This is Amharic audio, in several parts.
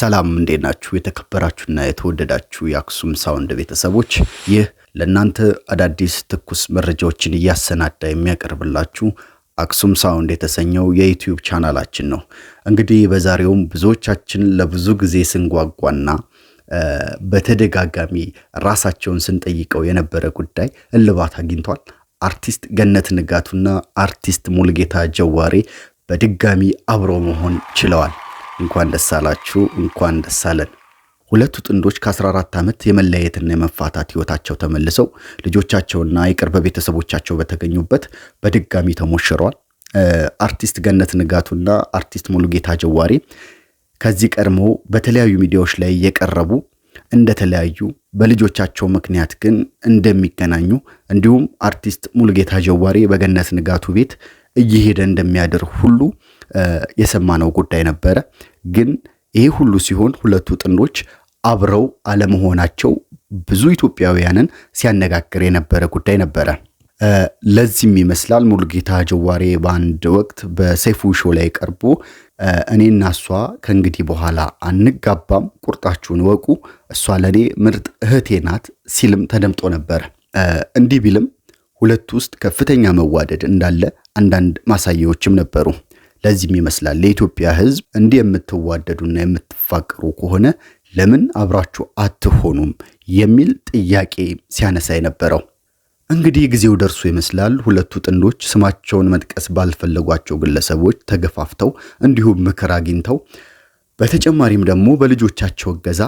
ሰላም እንዴት ናችሁ? የተከበራችሁና የተወደዳችሁ የአክሱም ሳውንድ ቤተሰቦች፣ ይህ ለእናንተ አዳዲስ ትኩስ መረጃዎችን እያሰናዳ የሚያቀርብላችሁ አክሱም ሳውንድ የተሰኘው የዩትዩብ ቻናላችን ነው። እንግዲህ በዛሬውም ብዙዎቻችን ለብዙ ጊዜ ስንጓጓና በተደጋጋሚ ራሳቸውን ስንጠይቀው የነበረ ጉዳይ እልባት አግኝቷል። አርቲስት ገነት ንጋቱና አርቲስት ሙልጌታ ጀዋሬ በድጋሚ አብሮ መሆን ችለዋል። እንኳን ደስ አላችሁ፣ እንኳን ደስ አለን። ሁለቱ ጥንዶች ከ14 ዓመት የመለያየትና የመፋታት ህይወታቸው ተመልሰው ልጆቻቸውና የቅርብ ቤተሰቦቻቸው በተገኙበት በድጋሚ ተሞሽረዋል። አርቲስት ገነት ንጋቱና አርቲስት ሙሉጌታ ጀዋሬ ከዚህ ቀድሞ በተለያዩ ሚዲያዎች ላይ የቀረቡ እንደተለያዩ በልጆቻቸው ምክንያት ግን እንደሚገናኙ እንዲሁም አርቲስት ሙሉጌታ ጀዋሬ በገነት ንጋቱ ቤት እየሄደ እንደሚያድር ሁሉ የሰማነው ጉዳይ ነበረ። ግን ይሄ ሁሉ ሲሆን ሁለቱ ጥንዶች አብረው አለመሆናቸው ብዙ ኢትዮጵያውያንን ሲያነጋግር የነበረ ጉዳይ ነበረ። ለዚህም ይመስላል ሙሉጌታ ጀዋሬ በአንድ ወቅት በሰይፉ ሾው ላይ ቀርቦ እኔና እሷ ከእንግዲህ በኋላ አንጋባም፣ ቁርጣችሁን ወቁ፣ እሷ ለእኔ ምርጥ እህቴ ናት ሲልም ተደምጦ ነበር። እንዲህ ቢልም ሁለቱ ውስጥ ከፍተኛ መዋደድ እንዳለ አንዳንድ ማሳያዎችም ነበሩ። ለዚህም ይመስላል ለኢትዮጵያ ሕዝብ እንዲህ የምትዋደዱና የምትፋቀሩ ከሆነ ለምን አብራችሁ አትሆኑም የሚል ጥያቄ ሲያነሳ የነበረው። እንግዲህ ጊዜው ደርሶ ይመስላል ሁለቱ ጥንዶች ስማቸውን መጥቀስ ባልፈለጓቸው ግለሰቦች ተገፋፍተው እንዲሁም ምክር አግኝተው በተጨማሪም ደግሞ በልጆቻቸው እገዛ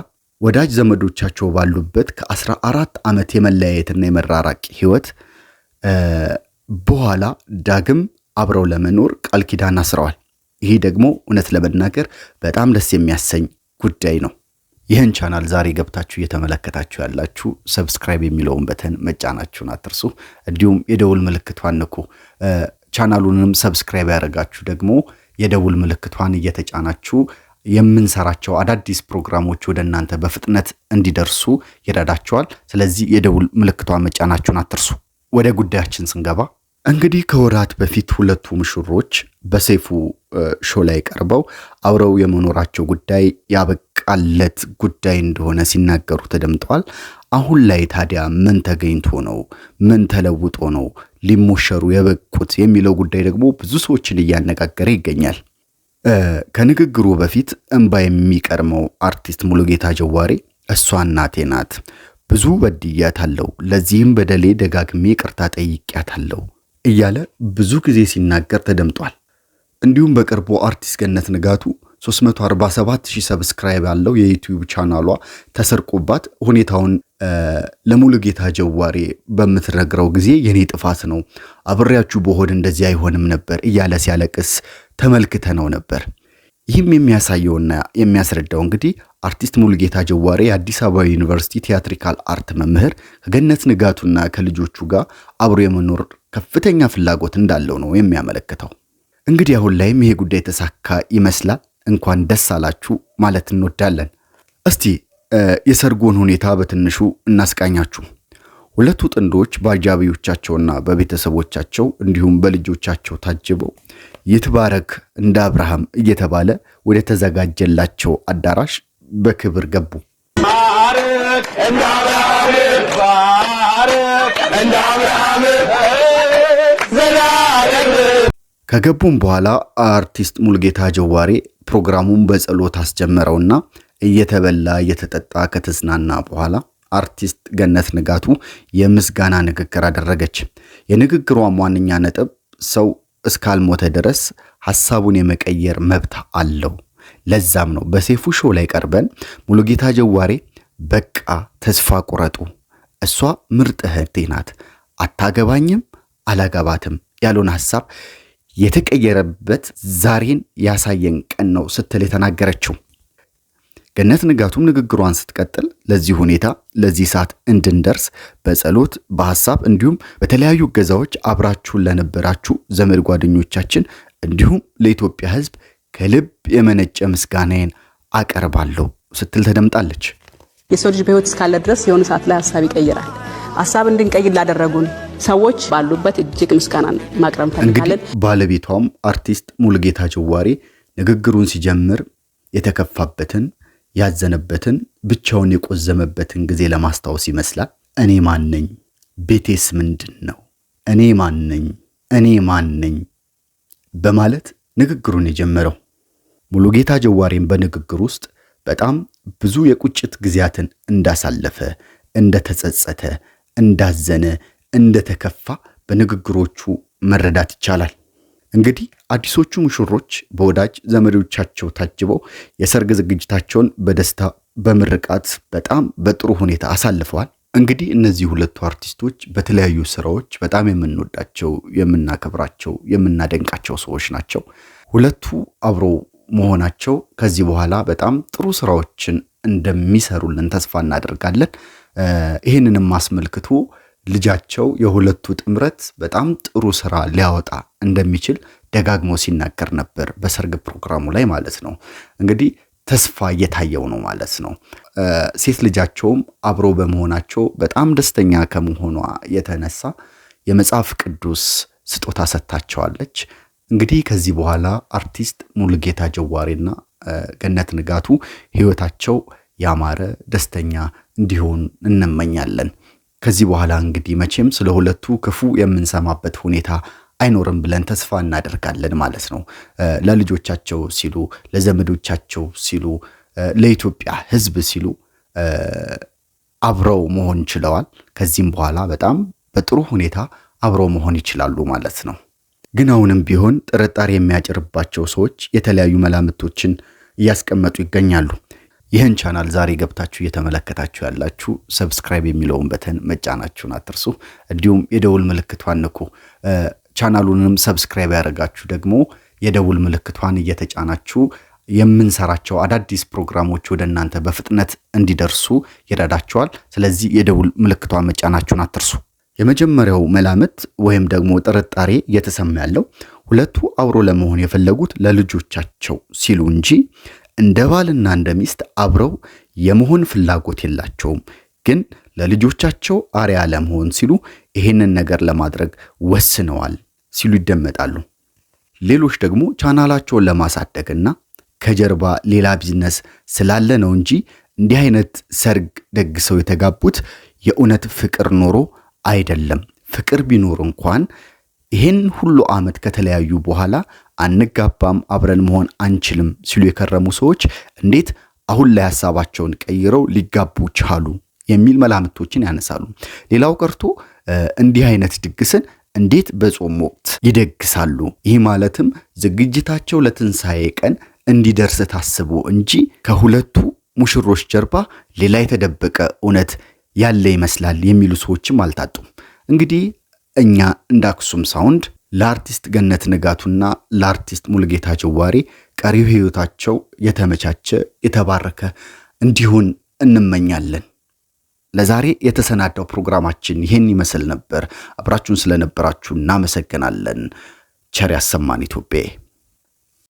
ወዳጅ ዘመዶቻቸው ባሉበት ከአስራ አራት ዓመት የመለያየትና የመራራቅ ህይወት በኋላ ዳግም አብረው ለመኖር ቃል ኪዳን አስረዋል። ይሄ ደግሞ እውነት ለመናገር በጣም ደስ የሚያሰኝ ጉዳይ ነው። ይህን ቻናል ዛሬ ገብታችሁ እየተመለከታችሁ ያላችሁ ሰብስክራይብ የሚለውን በተን መጫናችሁን አትርሱ። እንዲሁም የደውል ምልክቷን ንኩ። ቻናሉንም ሰብስክራይብ ያደረጋችሁ ደግሞ የደውል ምልክቷን እየተጫናችሁ የምንሰራቸው አዳዲስ ፕሮግራሞች ወደ እናንተ በፍጥነት እንዲደርሱ ይረዳችኋል። ስለዚህ የደውል ምልክቷን መጫናችሁን አትርሱ። ወደ ጉዳያችን ስንገባ እንግዲህ ከወራት በፊት ሁለቱ ሙሽሮች በሰይፉ ሾ ላይ ቀርበው አብረው የመኖራቸው ጉዳይ ያበቃለት ጉዳይ እንደሆነ ሲናገሩ ተደምጠዋል። አሁን ላይ ታዲያ ምን ተገኝቶ ነው? ምን ተለውጦ ነው ሊሞሸሩ የበቁት? የሚለው ጉዳይ ደግሞ ብዙ ሰዎችን እያነጋገረ ይገኛል። ከንግግሩ በፊት እንባ የሚቀርመው አርቲስት ሙሉጌታ ጀዋሪ እሷ እናቴ ናት፣ ብዙ በድያታለሁ፣ ለዚህም በደሌ ደጋግሜ ይቅርታ ጠይቄያታለሁ እያለ ብዙ ጊዜ ሲናገር ተደምጧል። እንዲሁም በቅርቡ አርቲስት ገነት ንጋቱ 347 ሰብስክራይብ ያለው የዩቲዩብ ቻናሏ ተሰርቆባት ሁኔታውን ጌታ ጀዋሬ በምትነግረው ጊዜ የኔ ጥፋት ነው፣ አብሬያችሁ በሆድ እንደዚህ አይሆንም ነበር እያለ ሲያለቅስ ተመልክተነው ነበር። ይህም የሚያሳየውና የሚያስረዳው እንግዲህ አርቲስት ሙሉጌታ ጀዋሬ የአዲስ አበባ ዩኒቨርሲቲ ቲያትሪካል አርት መምህር ከገነት ንጋቱና ከልጆቹ ጋር አብሮ የመኖር ከፍተኛ ፍላጎት እንዳለው ነው የሚያመለክተው። እንግዲህ አሁን ላይም ይሄ ጉዳይ የተሳካ ይመስላል። እንኳን ደስ አላችሁ ማለት እንወዳለን። እስቲ የሰርጉን ሁኔታ በትንሹ እናስቃኛችሁ። ሁለቱ ጥንዶች በአጃቢዎቻቸውና በቤተሰቦቻቸው እንዲሁም በልጆቻቸው ታጅበው ይትባረክ እንደ አብርሃም እየተባለ ወደ ተዘጋጀላቸው አዳራሽ በክብር ገቡ። ከገቡም በኋላ አርቲስት ሙልጌታ ጀዋሬ ፕሮግራሙን በጸሎት አስጀመረውና እየተበላ እየተጠጣ ከተዝናና በኋላ አርቲስት ገነት ንጋቱ የምስጋና ንግግር አደረገች። የንግግሯም ዋነኛ ነጥብ ሰው እስካልሞተ ድረስ ሀሳቡን የመቀየር መብት አለው። ለዛም ነው በሴፉ ሾው ላይ ቀርበን ሙሉጌታ ጀዋሬ በቃ ተስፋ ቁረጡ፣ እሷ ምርጥ እህቴ ናት፣ አታገባኝም፣ አላገባትም ያለውን ሀሳብ የተቀየረበት ዛሬን ያሳየን ቀን ነው ስትል የተናገረችው ገነት ንጋቱም ንግግሯን ስትቀጥል ለዚህ ሁኔታ ለዚህ ሰዓት እንድንደርስ በጸሎት በሐሳብ እንዲሁም በተለያዩ እገዛዎች አብራችሁን ለነበራችሁ ዘመድ ጓደኞቻችን እንዲሁም ለኢትዮጵያ ሕዝብ ከልብ የመነጨ ምስጋናዬን አቀርባለሁ ስትል ተደምጣለች። የሰው ልጅ በሕይወት እስካለ ድረስ የሆነ ሰዓት ላይ ሀሳብ ይቀይራል። ሀሳብ እንድንቀይር ላደረጉን ሰዎች ባሉበት እጅግ ምስጋና ማቅረብ እንፈልጋለን። ባለቤቷም አርቲስት ሙልጌታ ጅዋሬ ንግግሩን ሲጀምር የተከፋበትን ያዘነበትን ብቻውን የቆዘመበትን ጊዜ ለማስታወስ ይመስላል። እኔ ማነኝ? ቤቴስ ምንድን ነው? እኔ ማነኝ? እኔ ማነኝ? በማለት ንግግሩን የጀመረው ሙሉጌታ ጀዋሬን በንግግር ውስጥ በጣም ብዙ የቁጭት ጊዜያትን እንዳሳለፈ፣ እንደተጸጸተ፣ እንዳዘነ፣ እንደተከፋ በንግግሮቹ መረዳት ይቻላል። እንግዲህ አዲሶቹ ሙሽሮች በወዳጅ ዘመዶቻቸው ታጅበው የሰርግ ዝግጅታቸውን በደስታ በምርቃት በጣም በጥሩ ሁኔታ አሳልፈዋል። እንግዲህ እነዚህ ሁለቱ አርቲስቶች በተለያዩ ስራዎች በጣም የምንወዳቸው፣ የምናከብራቸው፣ የምናደንቃቸው ሰዎች ናቸው። ሁለቱ አብሮ መሆናቸው ከዚህ በኋላ በጣም ጥሩ ስራዎችን እንደሚሰሩልን ተስፋ እናደርጋለን። ይህንንም አስመልክቶ ልጃቸው የሁለቱ ጥምረት በጣም ጥሩ ስራ ሊያወጣ እንደሚችል ደጋግሞ ሲናገር ነበር፣ በሰርግ ፕሮግራሙ ላይ ማለት ነው። እንግዲህ ተስፋ እየታየው ነው ማለት ነው። ሴት ልጃቸውም አብሮ በመሆናቸው በጣም ደስተኛ ከመሆኗ የተነሳ የመጽሐፍ ቅዱስ ስጦታ ሰጥታቸዋለች። እንግዲህ ከዚህ በኋላ አርቲስት ሙሉጌታ ጀዋሬና ገነት ንጋቱ ህይወታቸው ያማረ ደስተኛ እንዲሆን እንመኛለን። ከዚህ በኋላ እንግዲህ መቼም ስለ ሁለቱ ክፉ የምንሰማበት ሁኔታ አይኖርም ብለን ተስፋ እናደርጋለን ማለት ነው። ለልጆቻቸው ሲሉ፣ ለዘመዶቻቸው ሲሉ፣ ለኢትዮጵያ ሕዝብ ሲሉ አብረው መሆን ችለዋል። ከዚህም በኋላ በጣም በጥሩ ሁኔታ አብረው መሆን ይችላሉ ማለት ነው። ግን አሁንም ቢሆን ጥርጣሬ የሚያጭርባቸው ሰዎች የተለያዩ መላምቶችን እያስቀመጡ ይገኛሉ። ይህን ቻናል ዛሬ ገብታችሁ እየተመለከታችሁ ያላችሁ ሰብስክራይብ የሚለውን በተን መጫናችሁን አትርሱ። እንዲሁም የደውል ምልክቷን ንኩ። ቻናሉንም ሰብስክራይብ ያደረጋችሁ ደግሞ የደውል ምልክቷን እየተጫናችሁ የምንሰራቸው አዳዲስ ፕሮግራሞች ወደ እናንተ በፍጥነት እንዲደርሱ ይረዳቸዋል። ስለዚህ የደውል ምልክቷን መጫናችሁን አትርሱ። የመጀመሪያው መላምት ወይም ደግሞ ጥርጣሬ እየተሰማ ያለው ሁለቱ አብሮ ለመሆን የፈለጉት ለልጆቻቸው ሲሉ እንጂ እንደ ባልና እንደ ሚስት አብረው የመሆን ፍላጎት የላቸውም። ግን ለልጆቻቸው አርያ ለመሆን ሲሉ ይሄንን ነገር ለማድረግ ወስነዋል ሲሉ ይደመጣሉ። ሌሎች ደግሞ ቻናላቸውን ለማሳደግና ከጀርባ ሌላ ቢዝነስ ስላለ ነው እንጂ እንዲህ አይነት ሰርግ ደግሰው የተጋቡት የእውነት ፍቅር ኖሮ አይደለም። ፍቅር ቢኖር እንኳን ይህን ሁሉ ዓመት ከተለያዩ በኋላ አንጋባም፣ አብረን መሆን አንችልም ሲሉ የከረሙ ሰዎች እንዴት አሁን ላይ ሀሳባቸውን ቀይረው ሊጋቡ ቻሉ የሚል መላምቶችን ያነሳሉ። ሌላው ቀርቶ እንዲህ አይነት ድግስን እንዴት በጾም ወቅት ይደግሳሉ? ይህ ማለትም ዝግጅታቸው ለትንሣኤ ቀን እንዲደርስ ታስቦ እንጂ ከሁለቱ ሙሽሮች ጀርባ ሌላ የተደበቀ እውነት ያለ ይመስላል የሚሉ ሰዎችም አልታጡም። እንግዲህ እኛ እንደ አክሱም ሳውንድ ለአርቲስት ገነት ንጋቱና ለአርቲስት ሙልጌታ ጅዋሬ ቀሪው ህይወታቸው የተመቻቸ የተባረከ እንዲሁን እንመኛለን። ለዛሬ የተሰናዳው ፕሮግራማችን ይህን ይመስል ነበር። አብራችሁን ስለነበራችሁ እናመሰግናለን። ቸር ያሰማን ኢትዮጵያ